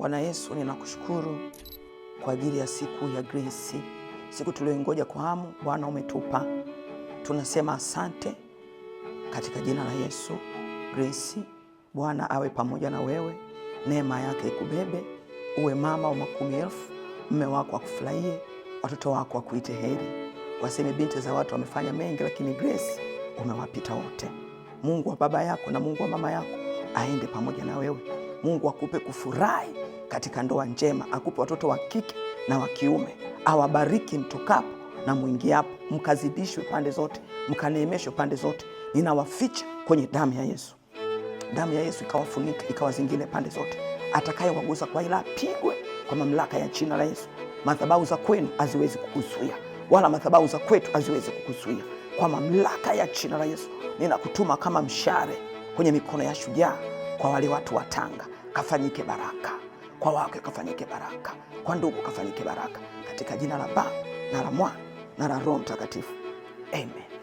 Bwana Yesu, ninakushukuru kwa ajili ya siku ya Grace, siku tulioingoja kwa hamu. Bwana umetupa, tunasema asante katika jina la Yesu. Grace, Bwana awe pamoja na wewe, neema yake ikubebe, uwe mama wa makumi elfu, mme wako akufurahie, watoto wako akuite heri, waseme binti za watu wamefanya mengi, lakini Grace umewapita wote. Mungu wa baba yako na Mungu wa mama yako aende pamoja na wewe Mungu akupe kufurahi katika ndoa njema, akupe watoto wa kike na wa kiume, awabariki mtokapo na mwingiapo, mkazidishwe pande zote, mkaneemeshwe pande zote. Ninawaficha kwenye damu ya Yesu. Damu ya Yesu ikawafunika, ikawazingile pande zote. Atakayewagusa kwa ila apigwe kwa mamlaka ya jina la Yesu. Madhabahu za kwenu haziwezi kukuzuia, wala madhabahu za kwetu haziwezi kukuzuia. Kwa mamlaka ya jina la Yesu, ninakutuma kama mshale kwenye mikono ya shujaa kwa wale watu wa Tanga kafanyike baraka, kwa wake kafanyike baraka, kwa ndugu kafanyike baraka, katika jina la Baba na la Mwana na la Roho Mtakatifu, amen.